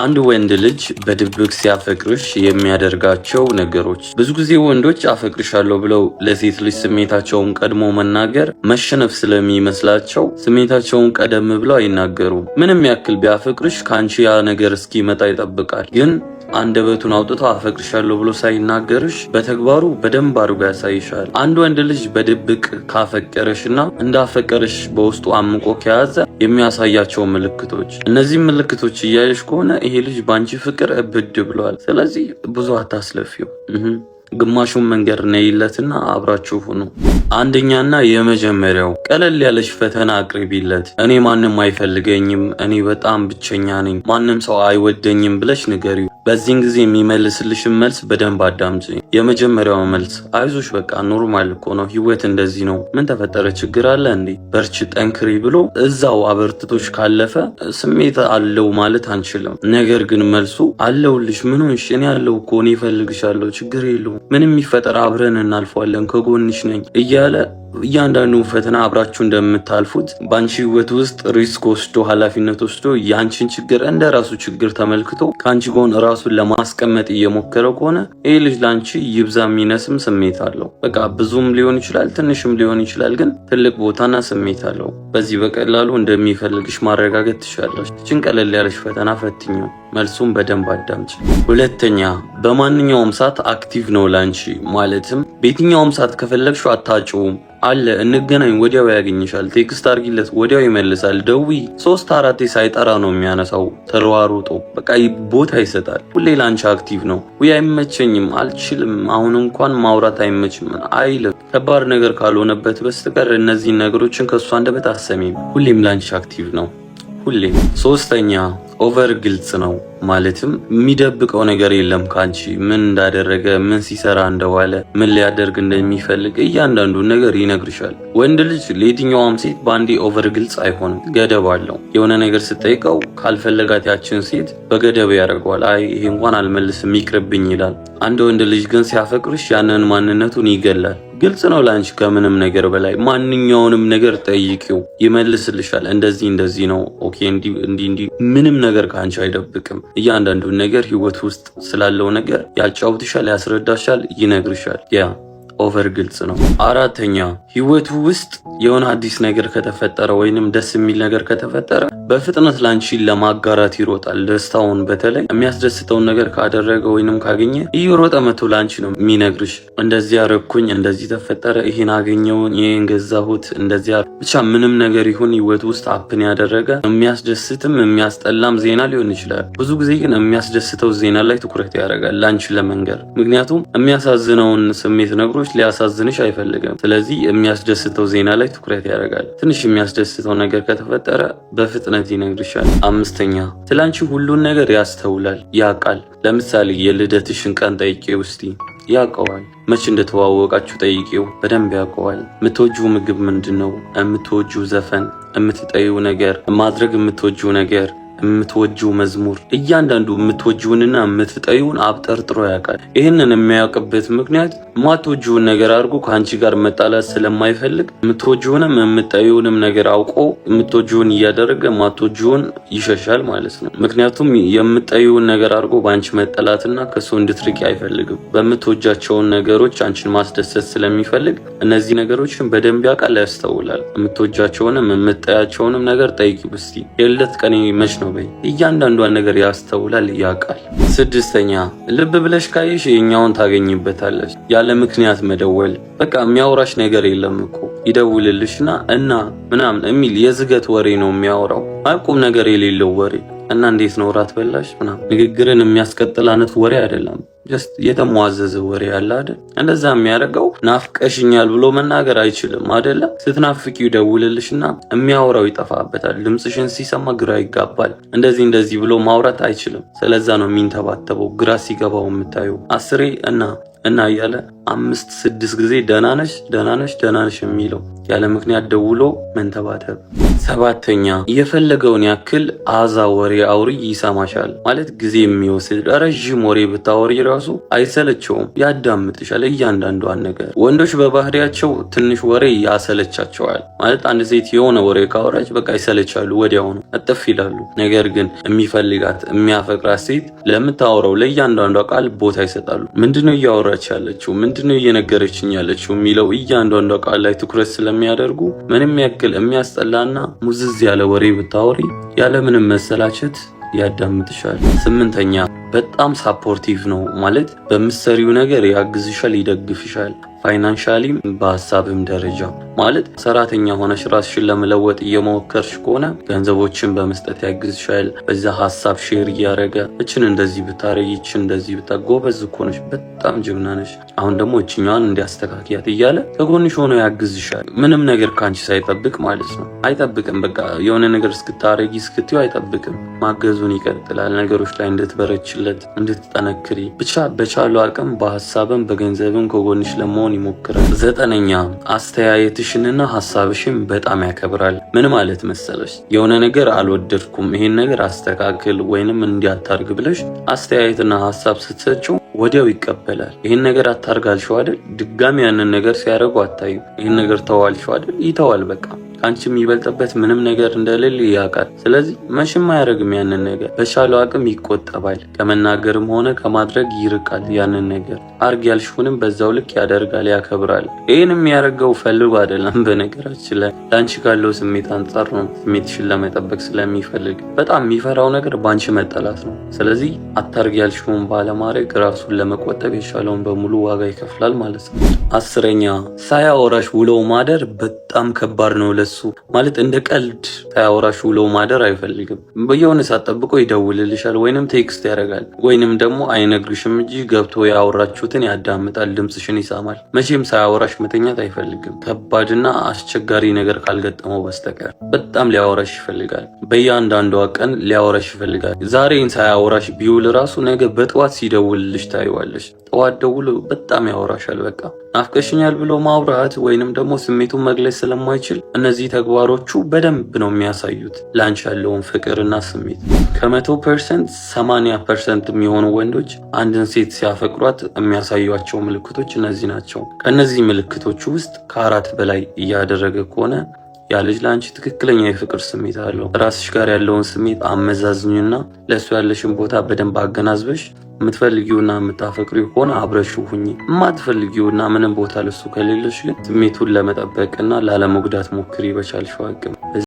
አንድ ወንድ ልጅ በድብቅ ሲያፈቅርሽ የሚያደርጋቸው ነገሮች። ብዙ ጊዜ ወንዶች አፈቅርሻለሁ ብለው ለሴት ልጅ ስሜታቸውን ቀድሞ መናገር መሸነፍ ስለሚመስላቸው ስሜታቸውን ቀደም ብለው አይናገሩም። ምንም ያክል ቢያፈቅርሽ ከአንቺ ያ ነገር እስኪመጣ ይጠብቃል። ግን አንደበቱን አውጥቶ አፈቅርሻለሁ ብሎ ሳይናገርሽ በተግባሩ በደንብ አድርጎ ያሳይሻል። አንድ ወንድ ልጅ በድብቅ ካፈቀረሽ እና እንዳፈቀረሽ በውስጡ አምቆ ከያዘ የሚያሳያቸው ምልክቶች። እነዚህ ምልክቶች እያየሽ ከሆነ ይሄ ልጅ በአንቺ ፍቅር እብድ ብለዋል። ስለዚህ ብዙ አታስለፊው። ግማሹን መንገድ ነይለትና አብራችሁ ሁኑ። አንደኛና የመጀመሪያው ቀለል ያለች ፈተና አቅርቢለት። እኔ ማንም አይፈልገኝም፣ እኔ በጣም ብቸኛ ነኝ፣ ማንም ሰው አይወደኝም ብለሽ ንገሪው። በዚህን ጊዜ የሚመልስልሽን መልስ በደንብ አዳምጪ። የመጀመሪያው መልስ አይዞሽ፣ በቃ ኖርማል እኮ ነው፣ ህይወት እንደዚህ ነው፣ ምን ተፈጠረ፣ ችግር አለ እንዴ፣ በርቺ፣ ጠንክሪ ብሎ እዛው አበርትቶች ካለፈ ስሜት አለው ማለት አንችልም። ነገር ግን መልሱ አለውልሽ፣ ምን ሆንሽ፣ እኔ አለው እኮ እኔ እፈልግሻለሁ፣ ችግር የለውም፣ ምንም ይፈጠር፣ አብረን እናልፈዋለን፣ ከጎንሽ ነኝ እያለ እያንዳንዱን ፈተና አብራችሁ እንደምታልፉት በአንቺ ህይወት ውስጥ ሪስክ ወስዶ ኃላፊነት ወስዶ የአንቺን ችግር እንደ ራሱ ችግር ተመልክቶ ከአንቺ ጎን ራሱን ለማስቀመጥ እየሞከረው ከሆነ ይህ ልጅ ለአንቺ ይብዛ የሚነስም ስሜት አለው። በቃ ብዙም ሊሆን ይችላል፣ ትንሽም ሊሆን ይችላል፣ ግን ትልቅ ቦታና ስሜት አለው። በዚህ በቀላሉ እንደሚፈልግሽ ማረጋገጥ ትችላለች። ችን ቀለል ያለች ፈተና ፈትኛው። መልሱን በደንብ አዳምጪ። ሁለተኛ በማንኛውም ሰዓት አክቲቭ ነው ላንቺ። ማለትም በየትኛውም ሰዓት ከፈለግሽው አታጭውም አለ እንገናኝ፣ ወዲያው ያገኝሻል። ቴክስት አርጊለት፣ ወዲያው ይመልሳል። ደዊ ሶስት አራቴ ሳይጠራ ነው የሚያነሳው። ተሯሩጦ በቃ ቦታ ይሰጣል። ሁሌ ላንቺ አክቲቭ ነው። ውይ አይመቸኝም፣ አልችልም፣ አሁን እንኳን ማውራት አይመችም አይልም። ከባድ ነገር ካልሆነበት በስተቀር እነዚህን ነገሮችን ከእሷ አንደበት ሁሌም ላንቺ አክቲቭ ነው። ሁሌ ሶስተኛ ኦቨር ግልጽ ነው ማለትም የሚደብቀው ነገር የለም ካንቺ ምን እንዳደረገ ምን ሲሰራ እንደዋለ ምን ሊያደርግ እንደሚፈልግ እያንዳንዱን ነገር ይነግርሻል። ወንድ ልጅ ለየትኛዋም ሴት በአንዴ ኦቨር ግልጽ አይሆንም፣ ገደብ አለው። የሆነ ነገር ስጠይቀው ካልፈለጋት ያችን ሴት በገደብ ያደርገዋል። አይ ይሄ እንኳን አልመልስም ይቅርብኝ ይላል። አንድ ወንድ ልጅ ግን ሲያፈቅርሽ ያንን ማንነቱን ይገላል። ግልጽ ነው ለአንቺ ከምንም ነገር በላይ ማንኛውንም ነገር ጠይቂው ይመልስልሻል። እንደዚህ እንደዚህ ነው ኦኬ፣ እንዲህ እንዲህ ምንም ነገር ከአንቺ አይደብቅም። እያንዳንዱን ነገር ህይወት ውስጥ ስላለው ነገር ያጫውትሻል፣ ያስረዳሻል፣ ይነግርሻል ያ ኦቨር ግልጽ ነው። አራተኛ ህይወቱ ውስጥ የሆነ አዲስ ነገር ከተፈጠረ ወይንም ደስ የሚል ነገር ከተፈጠረ በፍጥነት ላንቺን ለማጋራት ይሮጣል። ደስታውን በተለይ የሚያስደስተውን ነገር ካደረገ ወይንም ካገኘ እየሮጠ መቶ ላንቺ ነው የሚነግርሽ። እንደዚህ ያረግኩኝ፣ እንደዚህ ተፈጠረ፣ ይሄን አገኘውን፣ ይህን ገዛሁት፣ እንደዚያ ብቻ ምንም ነገር ይሁን ህይወት ውስጥ አፕን ያደረገ የሚያስደስትም የሚያስጠላም ዜና ሊሆን ይችላል። ብዙ ጊዜ ግን የሚያስደስተው ዜና ላይ ትኩረት ያደርጋል ላንቺ ለመንገር። ምክንያቱም የሚያሳዝነውን ስሜት ነግሮች ሊያሳዝንሽ አይፈልግም። ስለዚህ የሚያስደስተው ዜና ላይ ትኩረት ያደርጋል። ትንሽ የሚያስደስተው ነገር ከተፈጠረ በፍጥነት እውነት ይነግርሻል። አምስተኛ ስላንቺ ሁሉን ነገር ያስተውላል፣ ያውቃል። ለምሳሌ የልደትሽን ቀን ጠይቄ ውስቲ ያውቀዋል። መቼ እንደተዋወቃችሁ ጠይቄው በደንብ ያውቀዋል። የምትወጁ ምግብ ምንድን ነው? የምትወጁ ዘፈን፣ የምትጠዩ ነገር፣ ማድረግ የምትወጁ ነገር የምትወጂው መዝሙር እያንዳንዱ የምትወጂውንና የምትጠዩውን አብጠርጥሮ ያውቃል። ይህንን የሚያውቅበት ምክንያት የማትወጂውን ነገር አድርጎ ከአንቺ ጋር መጣላት ስለማይፈልግ የምትወጂውንም የምትጠዩውንም ነገር አውቆ የምትወጂውን እያደረገ የማትወጂውን ይሸሻል ማለት ነው። ምክንያቱም የምትጠዩውን ነገር አድርጎ በአንቺ መጠላትና ከሱ እንድትርቂ አይፈልግም። በምትወጃቸውን ነገሮች አንቺን ማስደሰት ስለሚፈልግ እነዚህ ነገሮችን በደንብ ያውቃል፣ ያስተውላል። የምትወጃቸውንም የምትጠያቸውንም ነገር ጠይቂ ብስቲ የለት ቀኔ መች ነው ነው በይ። እያንዳንዷን ነገር ያስተውላል፣ ያውቃል። ስድስተኛ ልብ ብለሽ ካየሽ የኛውን ታገኝበታለች። ያለ ምክንያት መደወል በቃ የሚያወራሽ ነገር የለም እኮ ይደውልልሽና እና ምናምን የሚል የዝገት ወሬ ነው የሚያወራው፣ አይቁም ነገር የሌለው ወሬ እና እንዴት ነው እራት በላሽ ምናምን ንግግርን የሚያስቀጥል አይነት ወሬ አይደለም። ጀስት የተሟዘዘ ወሬ ያለ አይደል? እንደዛ የሚያደርገው ናፍቀሽኛል ብሎ መናገር አይችልም አይደለም። ደውልልሽ ይደውልልሽና የሚያወራው ይጠፋበታል። ድምፅሽን ሲሰማ ግራ ይጋባል። እንደዚህ እንደዚህ ብሎ ማውራት አይችልም። ስለዛ ነው የሚንተባተበው፣ ግራ ሲገባው የምታየው አስሬ እና እና እያለ አምስት ስድስት ጊዜ ደህና ነሽ ደህና ነሽ ደህና ነሽ የሚለው ያለ ምክንያት ደውሎ መንተባተብ። ሰባተኛ የፈለገውን ያክል አዛ ወሬ አውሪ ይሰማሻል። ማለት ጊዜ የሚወስድ ረዥም ወሬ ብታወሪ ራሱ አይሰለቸውም፣ ያዳምጥሻል እያንዳንዷን ነገር። ወንዶች በባህሪያቸው ትንሽ ወሬ ያሰለቻቸዋል። ማለት አንድ ሴት የሆነ ወሬ ካወራች በቃ ይሰለቻሉ፣ ወዲያውኑ እጥፍ ይላሉ። ነገር ግን የሚፈልጋት የሚያፈቅራት ሴት ለምታወራው ለእያንዳንዷ ቃል ቦታ ይሰጣሉ። ምንድነው እያወራች ያለችው? ምንድነው እየነገረችኝ ያለችው? የሚለው እያንዳንዷ ቃል ላይ ትኩረት ስለሚ ስለሚያደርጉ ምንም ያክል የሚያስጠላና ሙዝዝ ያለ ወሬ ብታወሪ ያለምንም መሰላቸት ያዳምጥሻል። ስምንተኛ በጣም ሳፖርቲቭ ነው ማለት በምሰሪው ነገር ያግዝሻል፣ ይደግፍሻል። ፋይናንሻሊም በሀሳብም ደረጃ ማለት ሰራተኛ ሆነሽ ራስሽን ለመለወጥ እየሞከርሽ ከሆነ ገንዘቦችን በመስጠት ያግዝሻል። በዛ ሀሳብ ሼር እያደረገ እችን እንደዚህ ብታረይ እችን እንደዚህ ብታ ጎበዝ እኮ ነሽ፣ በጣም ጅብና ነሽ፣ አሁን ደግሞ እችኛዋን እንዲያስተካክያት እያለ ከጎንሽ ሆኖ ያግዝሻል። ምንም ነገር ከአንቺ ሳይጠብቅ ማለት ነው። አይጠብቅም። በቃ የሆነ ነገር እስክታረጊ እስክትዩ አይጠብቅም። ማገዙን ይቀጥላል። ነገሮች ላይ እንድትበረችለት እንድትጠነክሪ ብቻ በቻሉ አቅም በሀሳብም በገንዘብም ከጎንሽ ለመሆን ለመሆን ይሞክራል። ዘጠነኛ አስተያየትሽንና ሀሳብሽን በጣም ያከብራል። ምን ማለት መሰለሽ የሆነ ነገር አልወደድኩም፣ ይሄን ነገር አስተካክል ወይንም እንዲያታርግ ብለሽ አስተያየትና ሀሳብ ስትሰጪው ወዲያው ይቀበላል። ይህን ነገር አታርጋልሽው አይደል? ድጋሚ ያንን ነገር ሲያደርጉ አታዩ። ይህን ነገር ተዋልሽው አይደል? ይተዋል በቃ ከአንቺ የሚበልጥበት ምንም ነገር እንደሌል ያውቃል። ስለዚህ መቼም አያደርግም ያንን ነገር። በቻለው አቅም ይቆጠባል። ከመናገርም ሆነ ከማድረግ ይርቃል። ያንን ነገር አርግ ያልሽውንም በዛው ልክ ያደርጋል፣ ያከብራል። ይህን የሚያደርገው ፈልጎ አይደለም። በነገራችን ላይ ለአንቺ ካለው ስሜት አንጻር ነው። ስሜትሽን ለመጠበቅ ስለሚፈልግ በጣም የሚፈራው ነገር በአንቺ መጠላት ነው። ስለዚህ አታርግ ያልሽውን ባለማድረግ ራሱን ለመቆጠብ የቻለውን በሙሉ ዋጋ ይከፍላል ማለት ነው። አስረኛ ሳያወራሽ ውለው ማደር በጣም ከባድ ነው። እሱ ማለት እንደ ቀልድ ታያወራሽ ውለው ማደር አይፈልግም። በየሆነ ሰዓት ጠብቆ ይደውልልሻል፣ ወይንም ቴክስት ያደርጋል፣ ወይንም ደግሞ አይነግርሽም እንጂ ገብቶ ያወራችሁትን ያዳምጣል፣ ድምፅሽን ይሰማል። መቼም ሳያወራሽ መተኛት አይፈልግም፣ ከባድና አስቸጋሪ ነገር ካልገጠመው በስተቀር በጣም ሊያወራሽ ይፈልጋል። በእያንዳንዷ ቀን ሊያወራሽ ይፈልጋል። ዛሬን ሳያወራሽ ቢውል ራሱ ነገ በጠዋት ሲደውልልሽ ታይዋለሽ። ጠዋት ደውሎ በጣም ያወራሻል። በቃ ናፍቀሽኛል ብሎ ማውራት ወይንም ደግሞ ስሜቱን መግለጽ ስለማይችል እነዚህ ተግባሮቹ በደንብ ነው የሚያሳዩት ላንች ያለውን ፍቅርና ስሜት። ከመቶ ፐርሰንት ሰማንያ ፐርሰንት የሚሆኑ ወንዶች አንድን ሴት ሲያፈቅሯት የሚያሳዩቸው ምልክቶች እነዚህ ናቸው። ከእነዚህ ምልክቶች ውስጥ ከአራት በላይ እያደረገ ከሆነ ያ ልጅ ለአንቺ ትክክለኛ የፍቅር ስሜት አለው። ራስሽ ጋር ያለውን ስሜት አመዛዝኝና ለእሱ ያለሽን ቦታ በደንብ አገናዝበሽ የምትፈልጊውና የምታፈቅሪው ከሆነ አብረሽው ሁኚ። የማትፈልጊውና ምንም ቦታ ለሱ ከሌለሽ ግን ስሜቱን ለመጠበቅና ላለመጉዳት ሞክሪ በቻልሽው አቅም።